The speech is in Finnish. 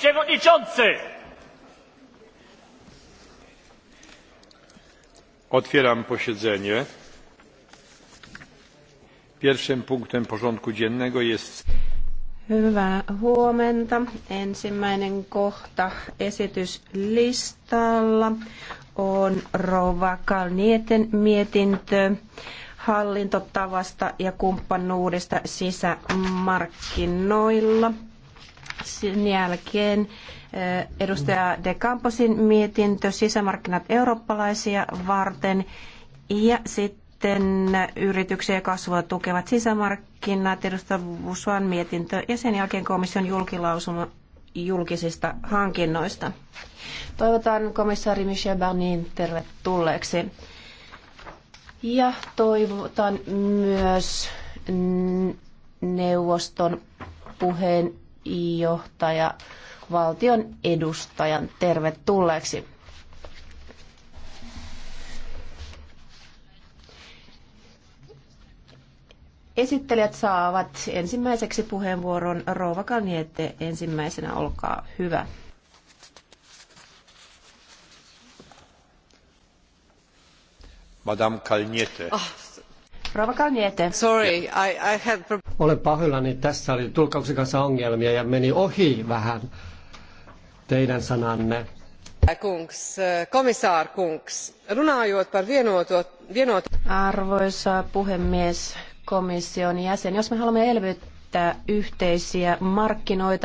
przewodniczący! Otwieram posiedzenie. Pierwszym punktem porządku dziennego jest Hyvää huomenta. Ensimmäinen kohta esityslistalla on Rova Kalnieten mietintö hallintotavasta ja kumppanuudesta sisämarkkinoilla sen jälkeen eh, edustaja De Camposin mietintö sisämarkkinat eurooppalaisia varten ja sitten yrityksiä ja kasvua tukevat sisämarkkinat, edustaja Vusuan mietintö ja sen jälkeen komission julkilausuma julkisista hankinnoista. Toivotan komissaari Michel Barnier tervetulleeksi. Ja toivotan myös neuvoston puheen johtaja valtion edustajan tervetulleeksi. Esittelijät saavat ensimmäiseksi puheenvuoron. Rouva Kalniete ensimmäisenä, olkaa hyvä. Madame Kalniete. Oh. Sorry, I, I had... Olen pahoillani, tässä oli tulkauksen kanssa ongelmia ja meni ohi vähän teidän sananne. Kungs, komissaar Kungs, runājot par vienoto, Arvoisa puhemies, komission jäsen, jos me haluamme elvyttää yhteisiä markkinoita,